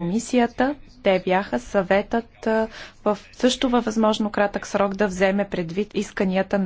комисията. Те бяха съветът в също във възможно кратък срок да вземе предвид исканията на